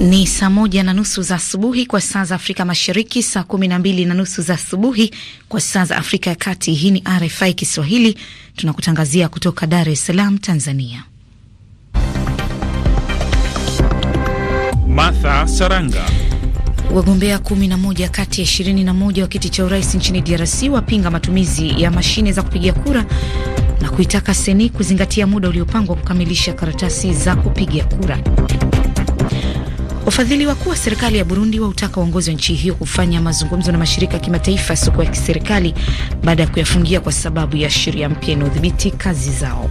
Ni saa moja na nusu za asubuhi kwa saa za Afrika Mashariki, saa kumi na mbili na nusu za asubuhi kwa saa za Afrika ya Kati. Hii ni RFI Kiswahili, tunakutangazia kutoka Dar es Salaam, Tanzania. Martha Saranga. Wagombea 11 kati ya 21 wa kiti cha urais nchini DRC wapinga matumizi ya mashine za kupigia kura na kuitaka seni kuzingatia muda uliopangwa kukamilisha karatasi za kupiga kura. Wafadhili wakuu wa serikali ya Burundi wautaka uongozi wa nchi hiyo kufanya mazungumzo na mashirika ya kimataifa yasiokuwa ya kiserikali baada ya kuyafungia kwa sababu ya sheria mpya inayodhibiti kazi zao.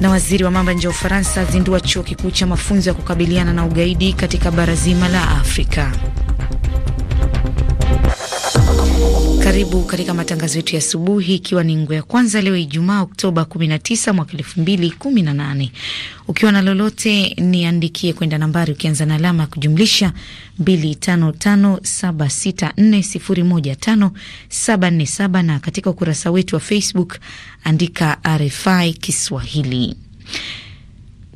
Na waziri wa mambo ya nje wa Ufaransa azindua chuo kikuu cha mafunzo ya kukabiliana na ugaidi katika bara zima la Afrika. Karibu katika matangazo yetu ya asubuhi, ikiwa ni nguo ya kwanza leo Ijumaa Oktoba 19 mwaka 2018. Ukiwa na lolote niandikie kwenda nambari ukianza na alama ya kujumlisha 255764015747 na katika ukurasa wetu wa Facebook andika RFI Kiswahili.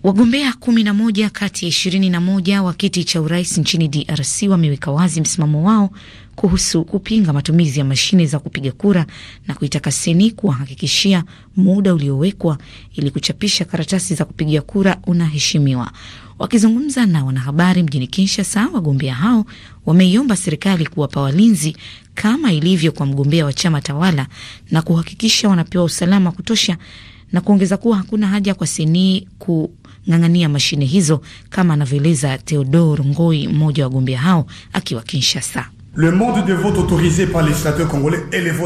Wagombea moja kati ya moja wa kiti cha urais nchini DRC wameweka wazi msimamo wao kuhusu kupinga matumizi ya mashine za kupiga kura na kuitaka Seni kuwahakikishia muda uliowekwa ili kuchapisha karatasi za kupigia kura unaheshimiwa. Wakizungumza na wanahabari mjini Kinshasa, wagombea hao wameiomba serikali kuwapa walinzi kama ilivyo kwa mgombea wa chama tawala na kuhakikisha wanapewa usalama wa kutosha, na kuongeza kuwa hakuna haja kwa Seni ku ng'ang'ania mashine hizo kama anavyoeleza Theodor Ngoi, mmoja wa wagombea hao akiwa Kinshasa.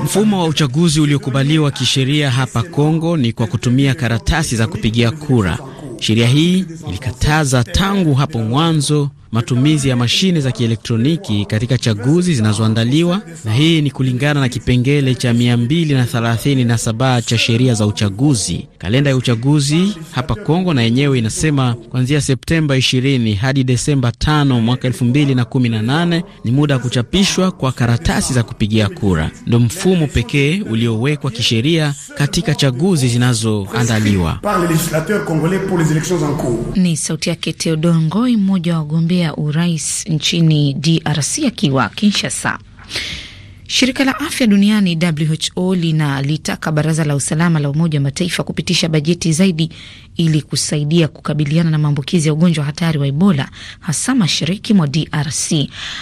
Mfumo wa uchaguzi uliokubaliwa kisheria hapa Kongo ni kwa kutumia karatasi za kupigia kura. Sheria hii ilikataza tangu hapo mwanzo matumizi ya mashine za kielektroniki katika chaguzi zinazoandaliwa, na hii ni kulingana na kipengele cha 237 cha sheria za uchaguzi. Kalenda ya uchaguzi hapa Kongo na yenyewe inasema kuanzia Septemba 20 hadi Desemba 5 mwaka 2018 ni muda wa kuchapishwa kwa karatasi za kupigia kura. Ndio mfumo pekee uliowekwa kisheria katika chaguzi zinazoandaliwa. Ni sauti yake Teodoro Ngoi, mmoja wa wagombea kugombea urais nchini DRC akiwa Kinshasa. Shirika la afya duniani WHO linalitaka baraza la usalama la Umoja wa Mataifa kupitisha bajeti zaidi ili kusaidia kukabiliana na maambukizi ya ugonjwa hatari wa Ebola hasa mashariki mwa DRC.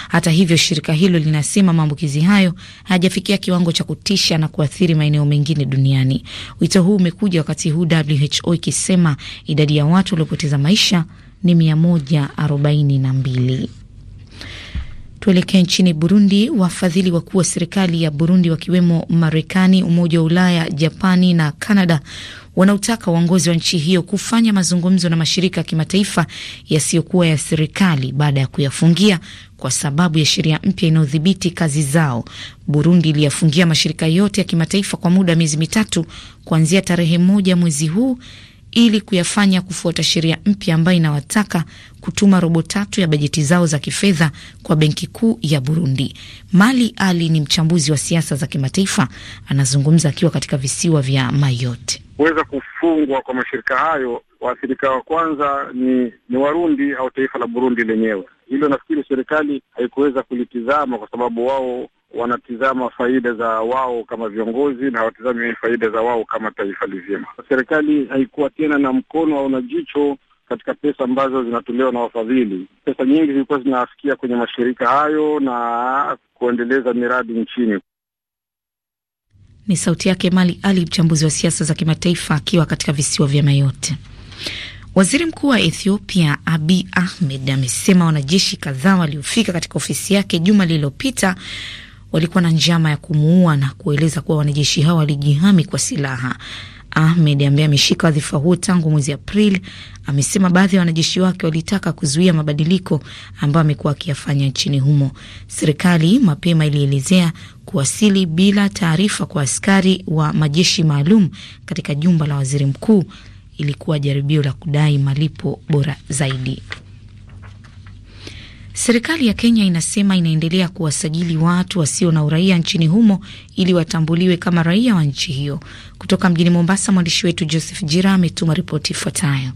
Hata hivyo, shirika hilo linasema maambukizi hayo hayajafikia kiwango cha kutisha na kuathiri maeneo mengine duniani. Wito huu umekuja wakati huu WHO ikisema idadi ya watu waliopoteza maisha ni 142. Tuelekee nchini Burundi. Wafadhili wakuu wa serikali ya Burundi wakiwemo Marekani, Umoja wa Ulaya, Japani na Kanada wanaotaka uongozi wa nchi hiyo kufanya mazungumzo na mashirika ya kimataifa yasiyokuwa ya serikali baada ya kuyafungia kwa sababu ya sheria mpya inayodhibiti kazi zao. Burundi iliyafungia mashirika yote ya kimataifa kwa muda wa miezi mitatu kuanzia tarehe moja mwezi huu ili kuyafanya kufuata sheria mpya ambayo inawataka kutuma robo tatu ya bajeti zao za kifedha kwa Benki Kuu ya Burundi. Mali Ali ni mchambuzi wa siasa za kimataifa, anazungumza akiwa katika visiwa vya Mayotte. Kuweza kufungwa kwa mashirika hayo, waathirika wa kwanza ni, ni Warundi au taifa la Burundi lenyewe. Hilo nafikiri serikali haikuweza kulitizama kwa sababu wao wanatizama faida za wao kama viongozi na hawatizami faida za wao kama taifa lizima. Serikali haikuwa tena na mkono au na jicho katika pesa ambazo zinatolewa na wafadhili. Pesa nyingi zilikuwa zinafikia kwenye mashirika hayo na kuendeleza miradi nchini. Ni sauti yake Mali Ali, mchambuzi wa siasa za kimataifa akiwa katika visiwa vya Mayotte. Waziri mkuu wa Ethiopia abi Ahmed amesema wanajeshi kadhaa waliofika katika ofisi yake juma lililopita walikuwa na njama ya kumuua na kueleza kuwa wanajeshi hao walijihami kwa silaha. Ahmed ambaye ameshika wadhifa huo tangu mwezi Aprili amesema baadhi ya wanajeshi wake walitaka kuzuia mabadiliko ambayo amekuwa akiyafanya nchini humo. Serikali mapema ilielezea kuwasili bila taarifa kwa askari wa majeshi maalum katika jumba la waziri mkuu ilikuwa jaribio la kudai malipo bora zaidi. Serikali ya Kenya inasema inaendelea kuwasajili watu wasio na uraia nchini humo ili watambuliwe kama raia wa nchi hiyo. Kutoka mjini Mombasa, mwandishi wetu Joseph Jira ametuma ripoti ifuatayo.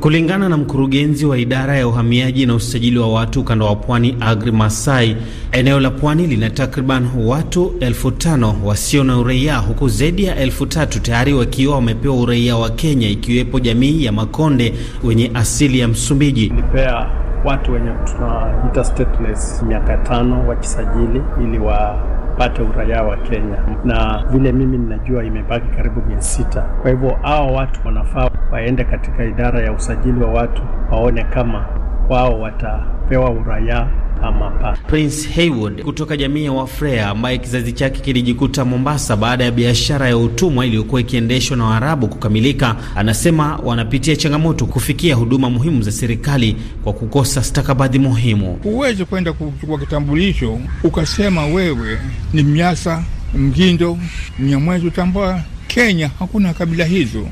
Kulingana na mkurugenzi wa idara ya uhamiaji na usajili wa watu ukanda wa pwani Agri Masai, eneo la pwani lina takriban watu elfu tano wasio na uraia, huku zaidi ya elfu tatu tayari wakiwa wamepewa uraia wa Kenya, ikiwepo jamii ya Makonde wenye asili ya Msumbiji. Nipea watu wenye tunaita stateless miaka tano wakisajili ili wapate uraia wa Kenya, na vile mimi ninajua imebaki karibu mia sita. Kwa hivyo hao watu wanafaa waende katika idara ya usajili wa watu waone kama wao watapewa uraia pa. Prince Haywood kutoka jamii ya Wafrea ambaye kizazi chake kilijikuta Mombasa baada ya biashara ya utumwa iliyokuwa ikiendeshwa na Waarabu kukamilika, anasema wanapitia changamoto kufikia huduma muhimu za serikali kwa kukosa stakabadhi muhimu. Huwezi kwenda kuchukua kitambulisho ukasema wewe ni Mnyasa, Mgindo, Mnyamwezi. Utambua Kenya hakuna kabila hizo,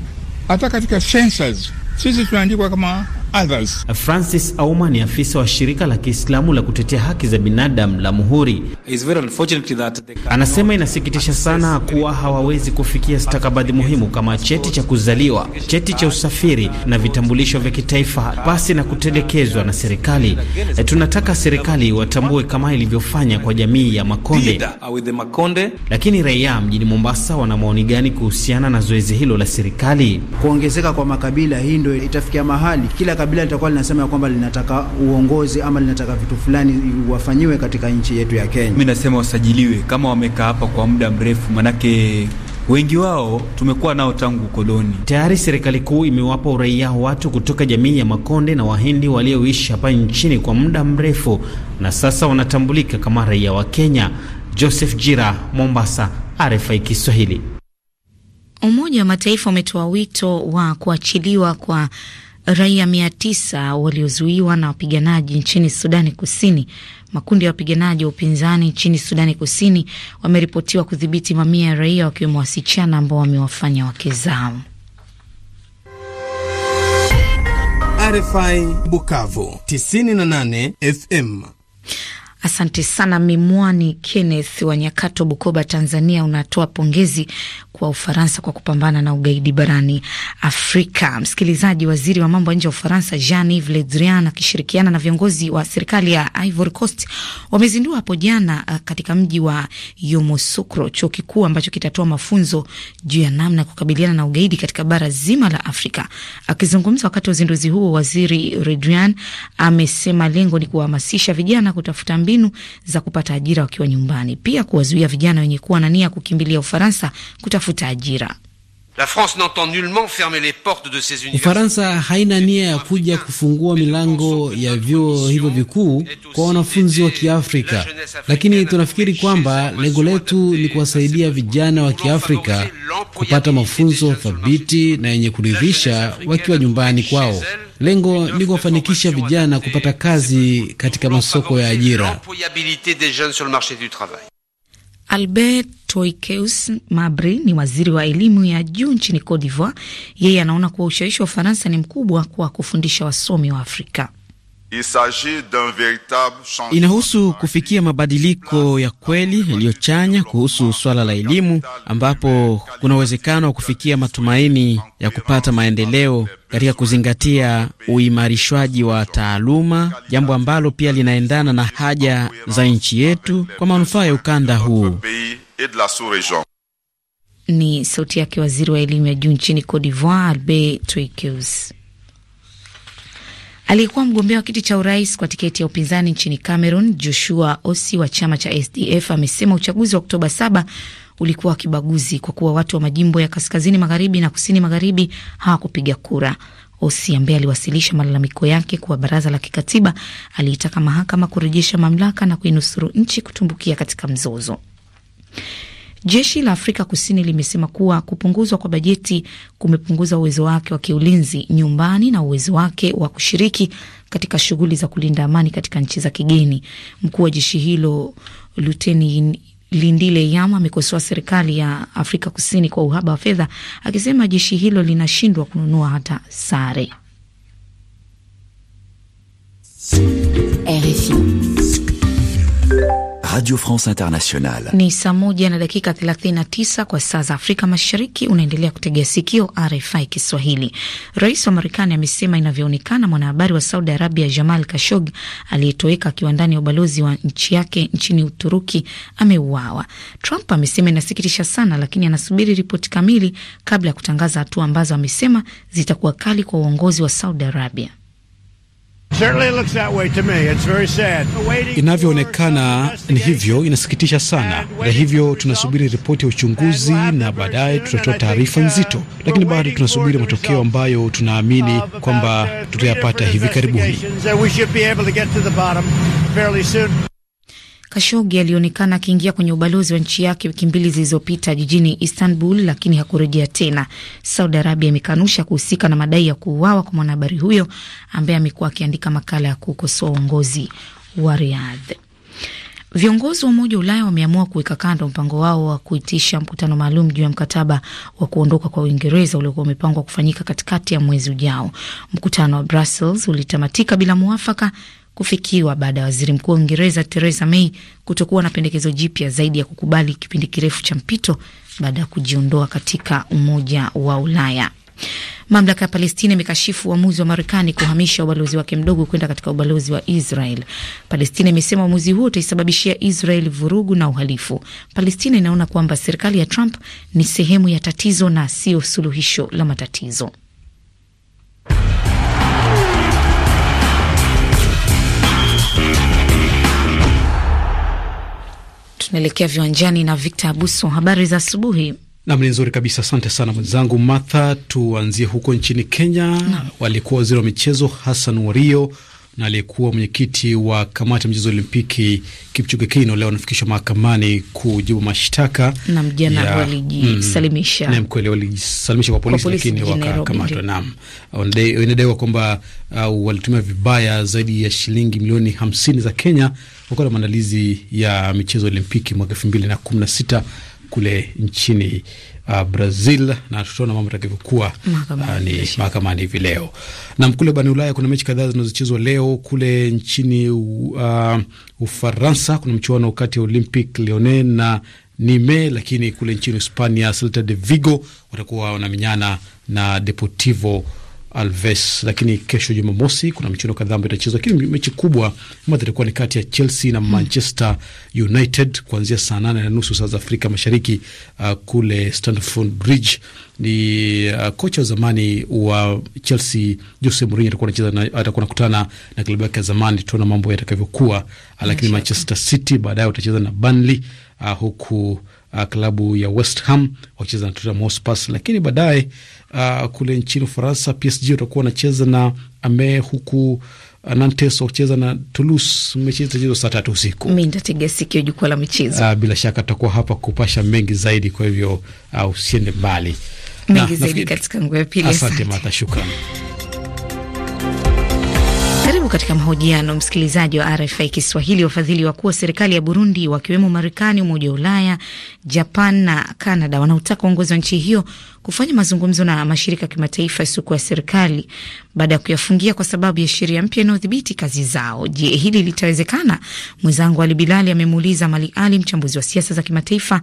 hata katika sensa sisi tunaandikwa kama others. Francis Auma ni afisa wa shirika la Kiislamu la kutetea haki za binadamu la Muhuri. Anasema inasikitisha sana kuwa hawawezi kufikia stakabadhi muhimu kama cheti cha kuzaliwa, cheti cha usafiri na vitambulisho vya kitaifa pasi na kutelekezwa na serikali. E, tunataka serikali watambue kama ilivyofanya kwa jamii ya uh, Makonde. Lakini raia mjini Mombasa wana maoni gani kuhusiana na zoezi hilo la serikali? Kuongezeka kwa makabila, hii ndio itafikia mahali kila kabila litakuwa linasema ya kwamba linataka uongozi ama linataka vitu fulani wafanyiwe katika nchi yetu ya Kenya. Mimi nasema wasajiliwe kama wamekaa hapa kwa muda mrefu, manake wengi wao tumekuwa nao tangu koloni. Tayari serikali kuu imewapa uraia watu kutoka jamii ya Makonde na Wahindi walioishi hapa nchini kwa muda mrefu na sasa wanatambulika kama raia wa Kenya. Joseph Jira, Mombasa, RFI Kiswahili. Umoja wa Mataifa umetoa wito wa kuachiliwa kwa raia mia tisa waliozuiwa na wapiganaji nchini Sudani Kusini. Makundi ya wapiganaji wa upinzani nchini Sudani Kusini wameripotiwa kudhibiti mamia ya raia wakiwemo wasichana ambao wamewafanya wake zao. RFI Bukavu 98 FM. Asante sana Mimwani Kenneth wa Nyakato, Bukoba, Tanzania, unatoa pongezi kwa Ufaransa kwa kupambana na ugaidi barani Afrika. Msikilizaji, waziri wa mambo ya nje wa Ufaransa Jean-Yves Le Drian akishirikiana na viongozi wa serikali ya Ivory Coast wamezindua hapo jana uh, katika mji wa Yamoussoukro chuo kikuu ambacho kitatoa mafunzo juu ya namna ya kukabiliana na ugaidi katika bara zima la Afrika. Akizungumza wakati wa uzinduzi huo, waziri Le Drian amesema lengo ni kuwahamasisha vijana kutafuta mbinu za kupata ajira wakiwa nyumbani, pia kuwazuia vijana wenye kuwa na nia kukimbilia Ufaransa kuta kutafuta ajira. La France n'entend nullement fermer les portes de ses universités. Ufaransa haina nia ya kuja kufungua milango ya vyuo hivyo vikuu kwa wanafunzi wa Kiafrika, lakini tunafikiri kwamba lengo letu ni kuwasaidia vijana wa Kiafrika kupata mafunzo thabiti na yenye kuridhisha wakiwa nyumbani kwao. Lengo ni kuwafanikisha vijana kupata kazi katika masoko ya ajira. Albert Toikeus Mabri ni waziri wa elimu ya juu nchini Cote d'Ivoire. Yeye anaona kuwa ushawishi wa Ufaransa ni mkubwa kwa kufundisha wasomi wa Afrika. Inahusu kufikia mabadiliko ya kweli yaliyochanya kuhusu swala la elimu, ambapo kuna uwezekano wa kufikia matumaini ya kupata maendeleo katika kuzingatia uimarishwaji wa taaluma, jambo ambalo pia linaendana na haja za nchi yetu kwa manufaa ya ukanda huu. Ni sauti yake waziri wa elimu ya juu nchini Cote d'Ivoire, Albert Twikeus. Aliyekuwa mgombea wa kiti cha urais kwa tiketi ya upinzani nchini Cameroon, Joshua Osi wa chama cha SDF amesema uchaguzi wa Oktoba saba ulikuwa wa kibaguzi kwa kuwa watu wa majimbo ya kaskazini magharibi na kusini magharibi hawakupiga kura. Osi ambaye aliwasilisha malalamiko yake kwa baraza la kikatiba aliitaka mahakama kurejesha mamlaka na kuinusuru nchi kutumbukia katika mzozo. Jeshi la Afrika Kusini limesema kuwa kupunguzwa kwa bajeti kumepunguza uwezo wake wa kiulinzi nyumbani na uwezo wake wa kushiriki katika shughuli za kulinda amani katika nchi za kigeni. Mkuu wa jeshi hilo Luteni Lindile Yama amekosoa serikali ya Afrika Kusini kwa uhaba wa fedha, akisema jeshi hilo linashindwa kununua hata sare. RFI. Radio France Internationale. Ni saa moja na dakika 39 kwa saa za Afrika Mashariki. Unaendelea kutegea sikio RFI Kiswahili. Rais wa Marekani amesema inavyoonekana mwanahabari wa Saudi Arabia Jamal Khashoggi aliyetoweka akiwa ndani ya ubalozi wa nchi yake nchini Uturuki ameuawa. Trump amesema inasikitisha sana, lakini anasubiri ripoti kamili kabla ya kutangaza hatua ambazo amesema zitakuwa kali kwa uongozi wa Saudi Arabia. Inavyoonekana ni hivyo, inasikitisha sana, na hivyo tunasubiri ripoti ya uchunguzi na baadaye tutatoa taarifa nzito, lakini bado tunasubiri matokeo ambayo tunaamini kwamba tutayapata hivi karibuni. Kashogi alionekana akiingia kwenye ubalozi wa nchi yake wiki mbili zilizopita jijini Istanbul, lakini hakurejea tena. Saudi Arabia imekanusha kuhusika na madai ya kuuawa kwa mwanahabari huyo ambaye amekuwa akiandika makala ya kukosoa uongozi wa Riyadh. Viongozi wa Umoja wa Ulaya wameamua kuweka kando mpango wao wa kuitisha mkutano maalum juu ya mkataba wa kuondoka kwa Uingereza uliokuwa umepangwa kufanyika katikati ya mwezi ujao. Mkutano wa Brussels ulitamatika bila mwafaka kufikiwa baada ya waziri mkuu wa Uingereza Theresa May kutokuwa na pendekezo jipya zaidi ya kukubali kipindi kirefu cha mpito baada ya kujiondoa katika Umoja wa Ulaya. Mamlaka ya Palestina imekashifu uamuzi wa Marekani kuhamisha ubalozi wake mdogo kwenda katika ubalozi wa Israel. Palestina imesema uamuzi huo utaisababishia Israel vurugu na uhalifu. Palestina inaona kwamba serikali ya Trump ni sehemu ya tatizo na sio suluhisho la matatizo. Tunaelekea viwanjani na Victor Abuso. Habari za asubuhi. Nam, ni nzuri kabisa, asante sana mwenzangu Martha. Tuanzie huko nchini Kenya. Walikuwa waziri wa michezo Hassan Wario na aliyekuwa mwenyekiti wa kamati ya michezo Olimpiki Kipchoge Keino leo anafikishwa mahakamani kujibu mashtaka. Naam, jana walijisalimisha. Mm, naam, kweli walijisalimisha kwa polisi, lakini wakakamatwa. Nam inadaiwa kwamba uh, walitumia vibaya zaidi ya shilingi milioni hamsini za Kenya wakati wa maandalizi ya michezo Olimpiki mwaka elfu mbili na kumi na sita kule nchini uh, Brazil, na tutaona mambo atakavyokuwa uh, ni mahakamani hivi leo. Nam kule barani Ulaya kuna mechi kadhaa zinazochezwa leo. Kule nchini uh, Ufaransa kuna mchuano kati ya Olympic Lyonnais na Nime, lakini kule nchini Hispania Celta de Vigo watakuwa wanamenyana na Deportivo Alves. Lakini kesho Jumamosi kuna michuano kadhaa ambayo itachezwa, lakini mechi kubwa mada itakuwa ni kati ya Chelsea na Manchester United kuanzia saa nane na nusu saa za Afrika Mashariki uh, kule Stamford Bridge. Ni uh, kocha wa zamani wa Chelsea Jose Mourinho atakuwa anacheza, atakuwa nakutana na klabu yake ya zamani. Tuona mambo yatakavyokuwa, uh, lakini Manchester City baadaye watacheza na Burnley uh, huku uh, klabu ya West Ham wakicheza na Tottenham Hotspur, lakini baadaye uh, kule nchini Ufaransa PSG watakuwa wanacheza na ame huku uh, Nantes wakicheza na Toulouse. Mechi itachezwa saa tatu usiku. Mi nitategea sikio jukwaa la michezo. Uh, bila shaka tutakuwa hapa kupasha mengi zaidi, kwa hivyo uh, usiende mbali mengi zaidi katika nguo ya pili. Asante Mata, shukrani. Karibu katika mahojiano, msikilizaji wa RFI Kiswahili. Wafadhili wakuu wa serikali ya Burundi wakiwemo Marekani, Umoja wa Ulaya, Japan na Canada wanaotaka uongozi wa nchi hiyo kufanya mazungumzo na mashirika ya kimataifa yasiyokuwa ya serikali baada ya kuyafungia kwa sababu ya sheria mpya inayodhibiti kazi zao. Je, hili litawezekana? Mwenzangu Ali Bilali amemuuliza Mali Ali, mchambuzi wa siasa za kimataifa,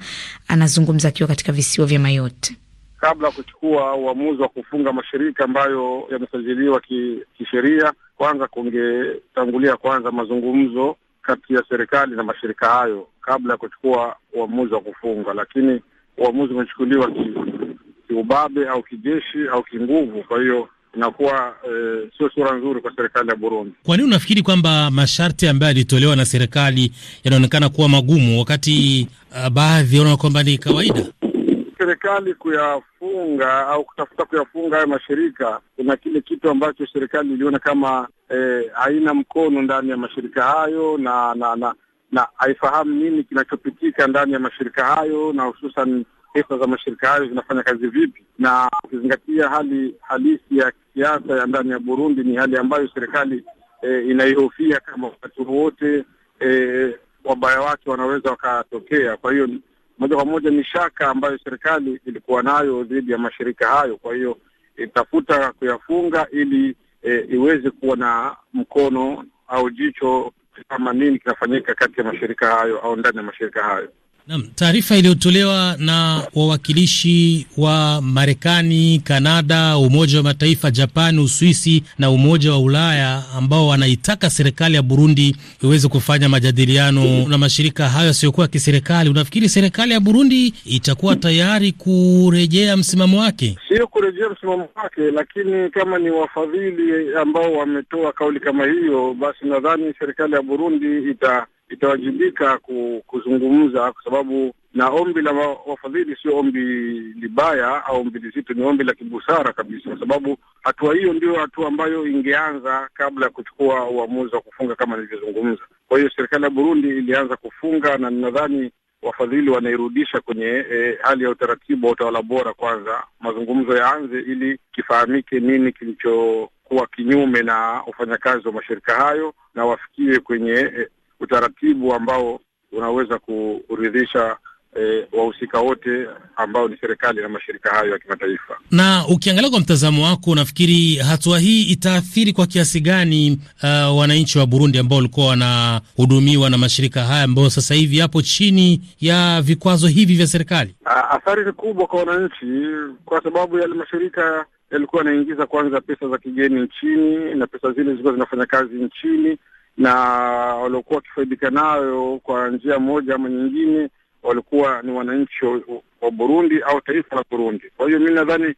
anazungumza akiwa katika visiwa vya Mayotte. Kabla ya kuchukua uamuzi wa kufunga mashirika ambayo yamesajiliwa kisheria ki kwanza kungetangulia kwanza mazungumzo kati ya serikali na mashirika hayo kabla ya kuchukua uamuzi wa kufunga, lakini uamuzi umechukuliwa kiubabe ki au kijeshi au kinguvu, kwa hiyo inakuwa e, sio sura nzuri kwa serikali ya Burundi. Kwa nini unafikiri kwamba masharti ambayo yalitolewa na serikali yanaonekana kuwa magumu wakati eh, baadhi wanaona kwamba ni kawaida? serikali kuyafunga au kutafuta kuyafunga haya mashirika, kuna kile kitu ambacho serikali iliona kama eh, haina mkono ndani ya mashirika hayo na na na na haifahamu nini kinachopitika ndani ya mashirika hayo na hususan pesa za mashirika hayo zinafanya kazi vipi, na ukizingatia hali halisi ya kisiasa ya ndani ya Burundi ni hali ambayo serikali e, inaihofia kama wakati wowote e, eh, wabaya wake wanaweza wakatokea. Kwa hiyo moja kwa moja ni shaka ambayo serikali ilikuwa nayo dhidi ya mashirika hayo. Kwa hiyo itafuta kuyafunga ili e, iweze kuwa na mkono au jicho kama nini kinafanyika kati ya mashirika hayo au ndani ya mashirika hayo. Naam, taarifa iliyotolewa na wawakilishi wa Marekani, Kanada, Umoja wa Mataifa, Japani, Uswisi na Umoja wa Ulaya ambao wanaitaka serikali ya Burundi iweze kufanya majadiliano na mashirika hayo yasiyokuwa kiserikali. Unafikiri serikali ya Burundi itakuwa tayari kurejea msimamo wake? Sio kurejea msimamo wake, lakini kama ni wafadhili ambao wametoa kauli kama hiyo, basi nadhani serikali ya Burundi ita itawajibika kuzungumza kwa sababu na ombi la wafadhili sio ombi libaya au ombi lizito, ni ombi la kibusara kabisa, kwa sababu hatua hiyo ndio hatua ambayo ingeanza kabla ya kuchukua uamuzi wa kufunga kama nilivyozungumza. Kwa hiyo serikali ya Burundi ilianza kufunga na ninadhani wafadhili wanairudisha kwenye e, hali ya utaratibu wa utawala bora. Kwanza mazungumzo yaanze ili kifahamike nini kilichokuwa kinyume na ufanyakazi wa mashirika hayo na wafikiwe kwenye e, utaratibu ambao unaweza kuridhisha E, wahusika wote ambao ni serikali na mashirika hayo ya kimataifa. Na ukiangalia kwa mtazamo wako, unafikiri hatua hii itaathiri kwa kiasi gani uh, wananchi wa Burundi ambao walikuwa wanahudumiwa na mashirika haya ambayo sasa hivi yapo chini ya vikwazo hivi vya serikali? Athari ni kubwa kwa wananchi, kwa sababu yale mashirika yalikuwa yanaingiza kwanza pesa za kigeni nchini, na pesa zile zilikuwa zinafanya kazi nchini na waliokuwa wakifaidika nayo kwa njia moja ama nyingine walikuwa ni wananchi wa Burundi au taifa la Burundi. Kwa hiyo mi nadhani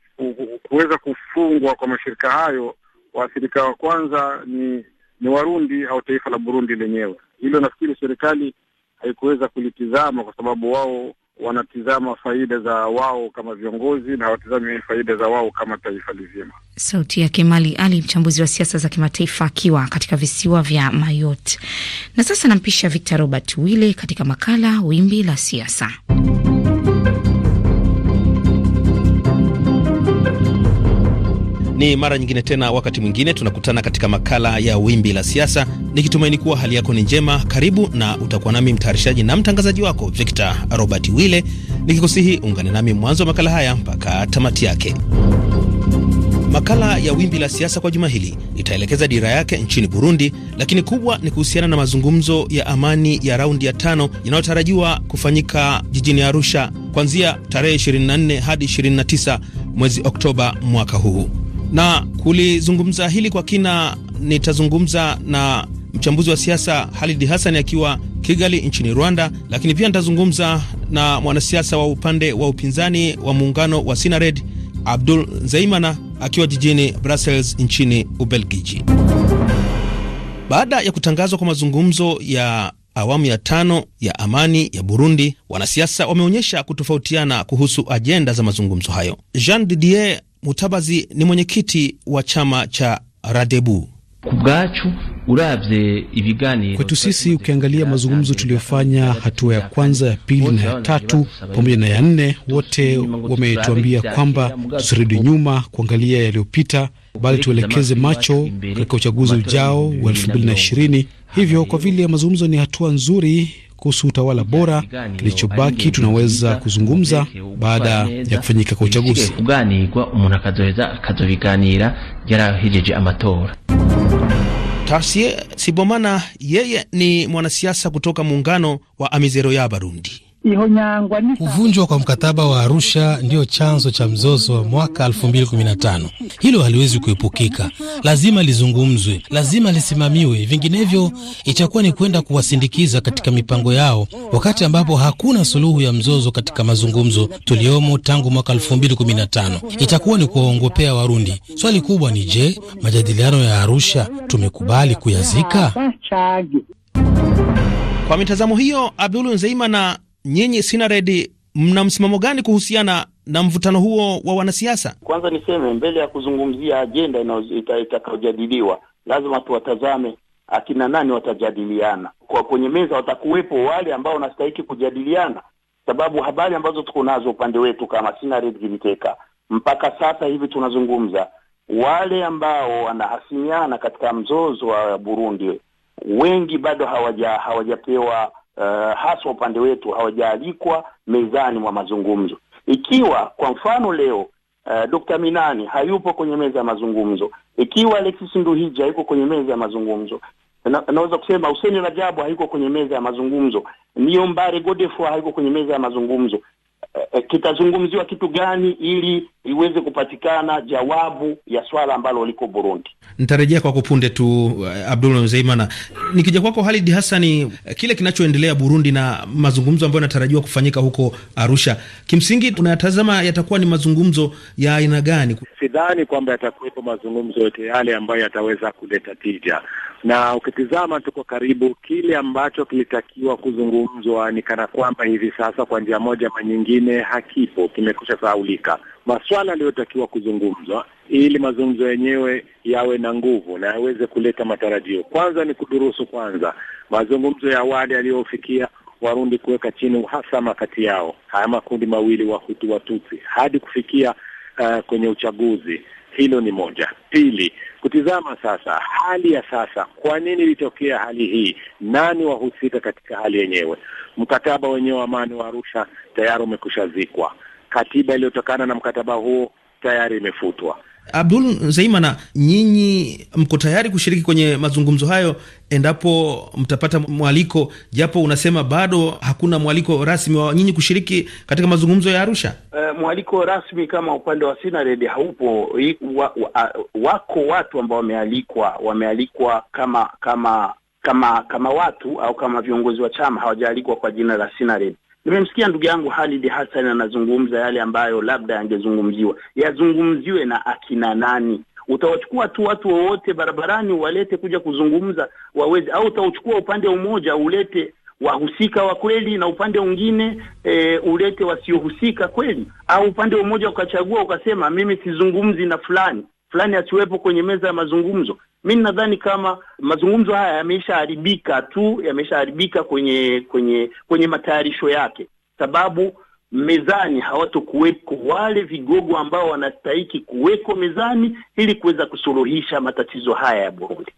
kuweza kufungwa kwa mashirika hayo, waathirika wa kwanza ni ni Warundi au taifa la Burundi lenyewe. Hilo nafikiri serikali haikuweza kulitizama kwa sababu wao wanatizama faida za wao kama viongozi na hawatizami faida za wao kama taifa lizima. Sauti ya Kemali Ali, mchambuzi wa siasa za kimataifa akiwa katika visiwa vya Mayotte. Na sasa nampisha Victor Robert Wile katika makala Wimbi la Siasa. Ni mara nyingine tena, wakati mwingine tunakutana katika makala ya Wimbi la Siasa, nikitumaini kuwa hali yako ni njema. Karibu na utakuwa nami mtayarishaji na mtangazaji wako Victor Robert Wille, nikikusihi ungane nami mwanzo wa makala haya mpaka tamati yake. Makala ya Wimbi la Siasa kwa juma hili itaelekeza dira yake nchini Burundi, lakini kubwa ni kuhusiana na mazungumzo ya amani ya raundi ya tano yanayotarajiwa kufanyika jijini Arusha kuanzia tarehe 24 hadi 29 mwezi Oktoba mwaka huu. Na kulizungumza hili kwa kina, nitazungumza na mchambuzi wa siasa Halidi Hassan akiwa Kigali nchini Rwanda, lakini pia nitazungumza na mwanasiasa wa upande wa upinzani wa muungano wa Sinared Abdul Zeimana akiwa jijini Brussels nchini Ubelgiji. Baada ya kutangazwa kwa mazungumzo ya awamu ya tano ya amani ya Burundi, wanasiasa wameonyesha kutofautiana kuhusu ajenda za mazungumzo hayo. Jean Didier Mutabazi ni mwenyekiti wa chama cha Radebu. Kwetu sisi, ukiangalia mazungumzo tuliyofanya, hatua ya kwanza, ya pili na ya tatu pamoja na ya nne, wote wametuambia kwamba tusirudi nyuma kuangalia yaliyopita, bali tuelekeze macho katika uchaguzi ujao wa elfu mbili na ishirini. Hivyo kwa vile mazungumzo ni hatua nzuri kuhusu utawala bora. Kilichobaki tunaweza kuzungumza baada ya kufanyika kwa uchaguzi. Tarsie Sibomana yeye ni mwanasiasa kutoka muungano wa Amizero ya Barundi. Kuvunjwa kwa mkataba wa Arusha ndiyo chanzo cha mzozo wa mwaka 2015. Hilo haliwezi kuepukika, lazima lizungumzwe, lazima lisimamiwe, vinginevyo itakuwa ni kwenda kuwasindikiza katika mipango yao, wakati ambapo hakuna suluhu ya mzozo katika mazungumzo tuliyomo tangu mwaka 2015. Itakuwa ni kuwaongopea Warundi. Swali kubwa ni je, majadiliano ya Arusha tumekubali kuyazika? Kwa mitazamo hiyo, Abdulu Nzeima na nyinyi Sinaredi mna msimamo gani kuhusiana na mvutano huo wa wanasiasa? Kwanza niseme mbele ya kuzungumzia ajenda itakaojadiliwa lazima tu lazima tuwatazame akina nani watajadiliana kwa kwenye meza. Watakuwepo wale ambao wanastahiki kujadiliana, sababu habari ambazo tuko nazo upande wetu kama Sinared Giriteka mpaka sasa hivi tunazungumza, wale ambao wanahasimiana katika mzozo wa Burundi wengi bado hawaja hawajapewa uh, hasa upande wetu hawajaalikwa mezani mwa mazungumzo. Ikiwa kwa mfano leo Uh, eh, Dr. Minani hayupo kwenye meza ya mazungumzo, ikiwa Alexis Nduhiji hayuko kwenye meza ya mazungumzo, na, naweza kusema Hussein Rajabu hayuko kwenye meza ya mazungumzo, Niyombare Godefroid hayuko kwenye meza ya mazungumzo, Eh, eh, kitazungumziwa kitu gani ili iweze kupatikana jawabu ya swala ambalo liko Burundi. Nitarejea kwako punde tu, eh, Abdul Mzeimana. Nikija kwako Halid hasani kile kinachoendelea Burundi na mazungumzo ambayo yanatarajiwa kufanyika huko Arusha, kimsingi tunayatazama yatakuwa ni mazungumzo ya aina gani? Sidhani kwamba yatakuwepo mazungumzo yote yale ambayo yataweza kuleta tija na ukitizama tu kwa karibu, kile ambacho kilitakiwa kuzungumzwa ni kana kwamba hivi sasa kwa njia moja ama nyingine hakipo, kimekusha sahaulika. Maswala yaliyotakiwa kuzungumzwa ili mazungumzo yenyewe yawe na nguvu na yaweze kuleta matarajio, kwanza ni kudurusu kwanza mazungumzo ya awali yaliyofikia Warundi kuweka chini uhasama kati yao haya makundi mawili Wahutu Watutsi hadi kufikia uh, kwenye uchaguzi hilo ni moja. Pili, kutizama sasa hali ya sasa, kwa nini ilitokea hali hii, nani wahusika katika hali yenyewe. Mkataba wenyewe wa amani wa Arusha tayari umekushazikwa, katiba iliyotokana na mkataba huo tayari imefutwa. Abdul Zeimana, nyinyi mko tayari kushiriki kwenye mazungumzo hayo endapo mtapata mwaliko, japo unasema bado hakuna mwaliko rasmi wa nyinyi kushiriki katika mazungumzo ya Arusha? Uh, mwaliko rasmi kama upande wa Sinared haupo. Wa, wa, wako watu ambao wamealikwa, wamealikwa kama kama kama kama watu au kama viongozi wa chama, hawajaalikwa kwa jina la Sinared. Nimemsikia ndugu yangu Halid Hassan anazungumza yale ambayo labda yangezungumziwa, yazungumziwe na akina nani? Utawachukua tu watu wowote barabarani walete kuja kuzungumza waweze, au utauchukua upande mmoja ulete wahusika wa kweli na upande mwingine e, ulete wasiohusika kweli, au upande mmoja ukachagua ukasema mimi sizungumzi na fulani fulani asiwepo kwenye meza ya mazungumzo. Mi nadhani kama mazungumzo haya yameshaharibika tu, yameshaharibika kwenye kwenye kwenye matayarisho yake, sababu mezani hawatokuwepo wale vigogo ambao wanastahiki kuwekwa mezani ili kuweza kusuluhisha matatizo haya ya Burundi.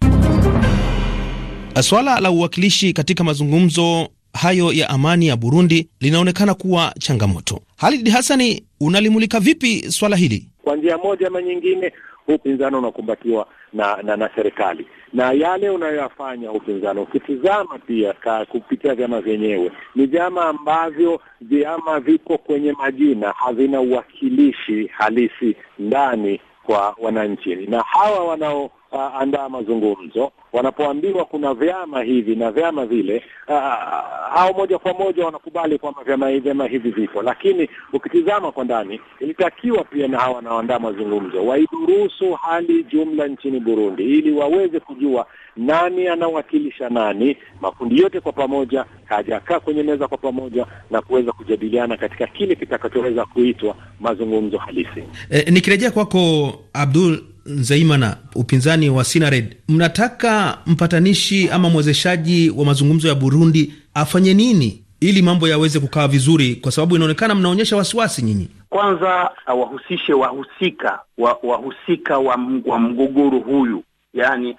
Swala la uwakilishi katika mazungumzo hayo ya amani ya Burundi linaonekana kuwa changamoto. Halid Hassani, unalimulika vipi swala hili? Kwa njia moja ama nyingine, huu upinzani unakumbatiwa na, na, na serikali na yale unayoyafanya upinzani, ukitizama pia kupitia vyama vyenyewe, ni vyama ambavyo vyama viko kwenye majina, havina uwakilishi halisi ndani kwa wananchi, na hawa wanao uh, andaa mazungumzo. Wanapoambiwa kuna vyama hivi na vyama vile, uh, uh au moja kwa moja wanakubali kwamba vyama hivi vyama hivi vipo, lakini ukitizama kwa ndani, ilitakiwa pia na hawa wanaoandaa mazungumzo waidurusu hali jumla nchini Burundi ili waweze kujua nani anawakilisha nani. Makundi yote kwa pamoja hajakaa kwenye meza kwa pamoja na kuweza kujadiliana katika kile kitakachoweza kuitwa mazungumzo halisi. e, nikirejea kwako Abdul nzeimana upinzani wa Sinared, mnataka mpatanishi ama mwezeshaji wa mazungumzo ya Burundi afanye nini ili mambo yaweze kukaa vizuri, kwa sababu inaonekana mnaonyesha wasiwasi nyinyi. Kwanza wahusishe wahusika wa, wahusika wa, wa mgogoro huyu yani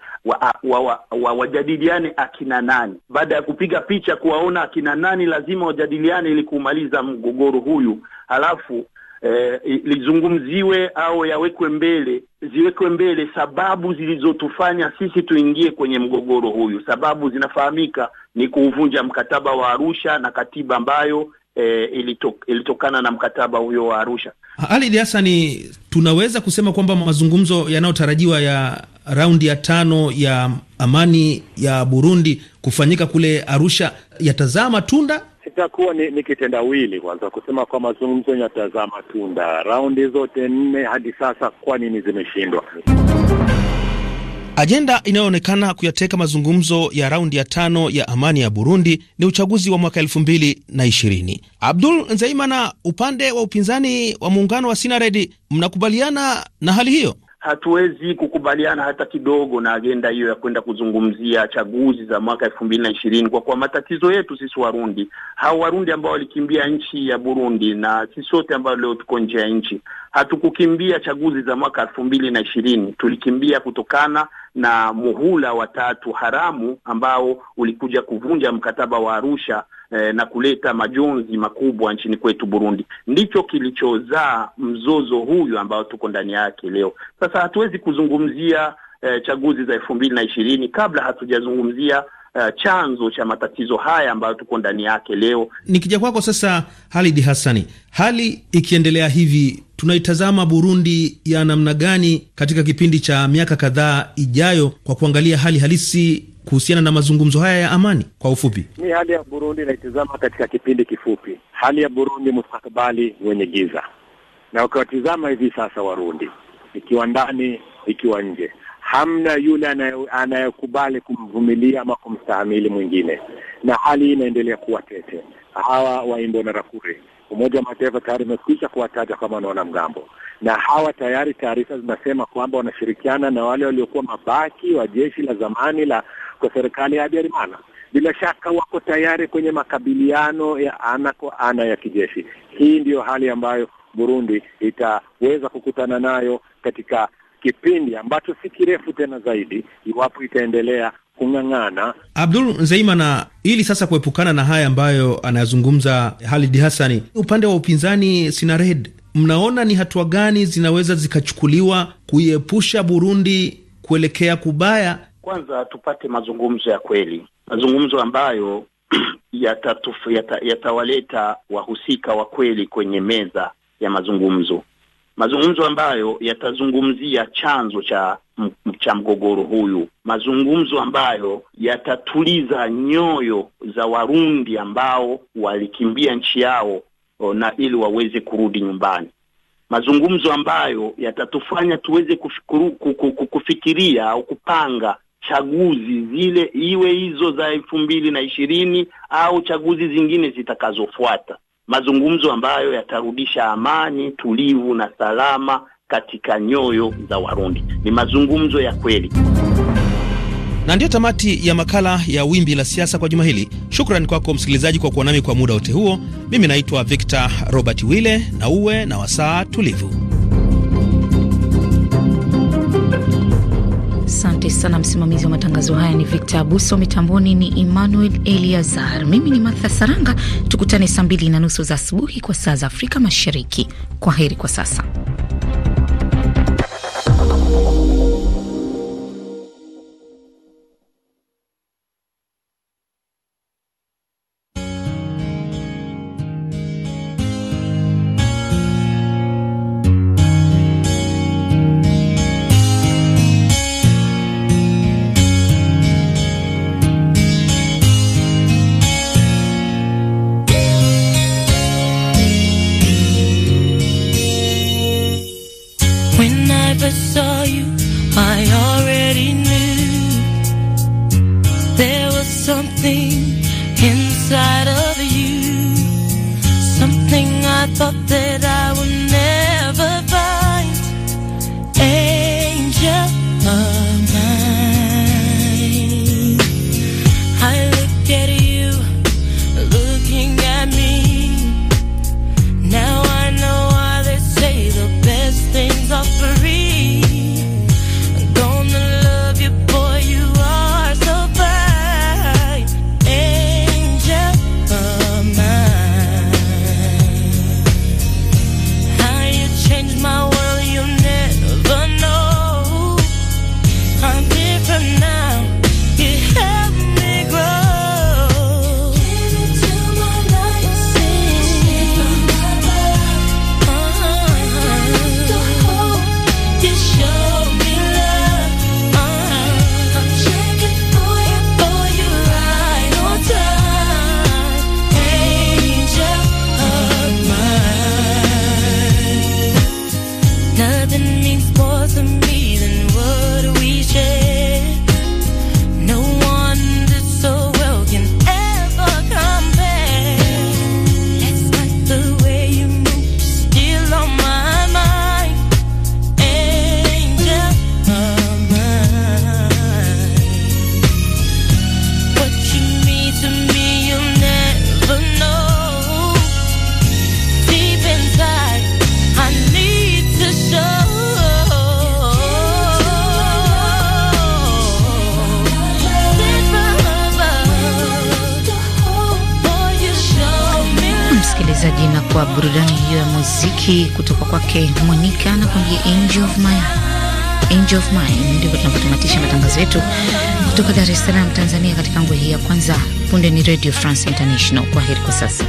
wajadiliane wa, wa, wa akina nani. Baada ya kupiga picha kuwaona akina nani, lazima wajadiliane ili kumaliza mgogoro huyu, halafu eh, lizungumziwe au yawekwe mbele, ziwekwe mbele sababu zilizotufanya sisi tuingie kwenye mgogoro huyu. Sababu zinafahamika ni kuuvunja mkataba wa Arusha na katiba ambayo E, ilitok, ilitokana na mkataba huyo wa Arusha. Ali Hassani, tunaweza kusema kwamba mazungumzo yanayotarajiwa ya raundi ya tano ya amani ya Burundi kufanyika kule Arusha yatazaa matunda? itakuwa ni, ni kitendawili kwanza kusema kwa mazungumzo yatazaa matunda. Raundi zote nne hadi sasa, kwa nini zimeshindwa? Ajenda inayoonekana kuyateka mazungumzo ya raundi ya tano ya amani ya Burundi ni uchaguzi wa mwaka elfu mbili na ishirini. Abdul Nzeimana, upande wa upinzani wa muungano wa Sinaredi, mnakubaliana na hali hiyo? hatuwezi kukubaliana hata kidogo na agenda hiyo ya kwenda kuzungumzia chaguzi za mwaka elfu mbili na ishirini kwa kuwa matatizo yetu sisi Warundi, hao Warundi ambao walikimbia nchi ya Burundi na sisi sote ambao leo tuko nje ya nchi, hatukukimbia chaguzi za mwaka elfu mbili na ishirini tulikimbia kutokana na muhula watatu haramu ambao ulikuja kuvunja mkataba wa Arusha eh, na kuleta majonzi makubwa nchini kwetu Burundi, ndicho kilichozaa mzozo huyu ambao tuko ndani yake leo. Sasa hatuwezi kuzungumzia eh, chaguzi za elfu mbili na ishirini kabla hatujazungumzia Uh, chanzo cha matatizo haya ambayo tuko ndani yake leo. Nikija kwako sasa, Halidi Hassani, hali ikiendelea hivi, tunaitazama Burundi ya namna gani katika kipindi cha miaka kadhaa ijayo, kwa kuangalia hali halisi kuhusiana na mazungumzo haya ya amani? Kwa ufupi, ni hali ya Burundi inaitizama katika kipindi kifupi, hali ya Burundi mustakabali wenye giza, na ukiwatizama hivi sasa Warundi ikiwa ndani ikiwa nje, hamna yule anayekubali kumvumilia ama kumstahamili mwingine, na hali hii inaendelea kuwa tete. Hawa waimbo na rakuri Umoja wa Mataifa tayari umekwisha kuwataja kama wanaona mgambo na hawa tayari taarifa zinasema kwamba wanashirikiana na wale waliokuwa mabaki wa jeshi la zamani la kwa serikali ya Habyarimana. Bila shaka wako tayari kwenye makabiliano ya ana kwa ana ya kijeshi. Hii ndiyo hali ambayo Burundi itaweza kukutana nayo katika kipindi ambacho si kirefu tena zaidi, iwapo itaendelea kung'ang'ana. Abdul zeimana ili sasa kuepukana na haya ambayo anayazungumza Halid Hassani, upande wa upinzani Sinared, mnaona ni hatua gani zinaweza zikachukuliwa kuiepusha Burundi kuelekea kubaya kwanza tupate mazungumzo ya kweli, mazungumzo ambayo yatawaleta yata, yata wahusika wa kweli kwenye meza ya mazungumzo, mazungumzo ambayo yatazungumzia chanzo cha cha mgogoro huyu, mazungumzo ambayo yatatuliza nyoyo za Warundi ambao walikimbia nchi yao na ili waweze kurudi nyumbani, mazungumzo ambayo yatatufanya tuweze kufikiria au kupanga chaguzi zile, iwe hizo za elfu mbili na ishirini au chaguzi zingine zitakazofuata, mazungumzo ambayo yatarudisha amani, tulivu na salama katika nyoyo za Warundi. Ni mazungumzo ya kweli. Na ndiyo tamati ya makala ya Wimbi la Siasa kwa juma hili. Shukrani kwako msikilizaji kwa kuwa nami kwa muda wote huo. Mimi naitwa Victor Robert wille na uwe na wasaa tulivu. Asante sana msimamizi wa matangazo haya ni Victor Abuso, mitamboni ni Emmanuel Eliazar, mimi ni Martha Saranga. Tukutane saa mbili na nusu za asubuhi kwa saa za Afrika Mashariki. Kwa heri kwa sasa. muziki kutoka kwake monika na kwambia Angel of My Angel of Mine. Ndipo tunapotamatisha matangazo yetu kutoka Dar es Salaam, Tanzania, katika ngwe hii ya kwanza. Punde ni Radio France International. Kwa heri kwa sasa.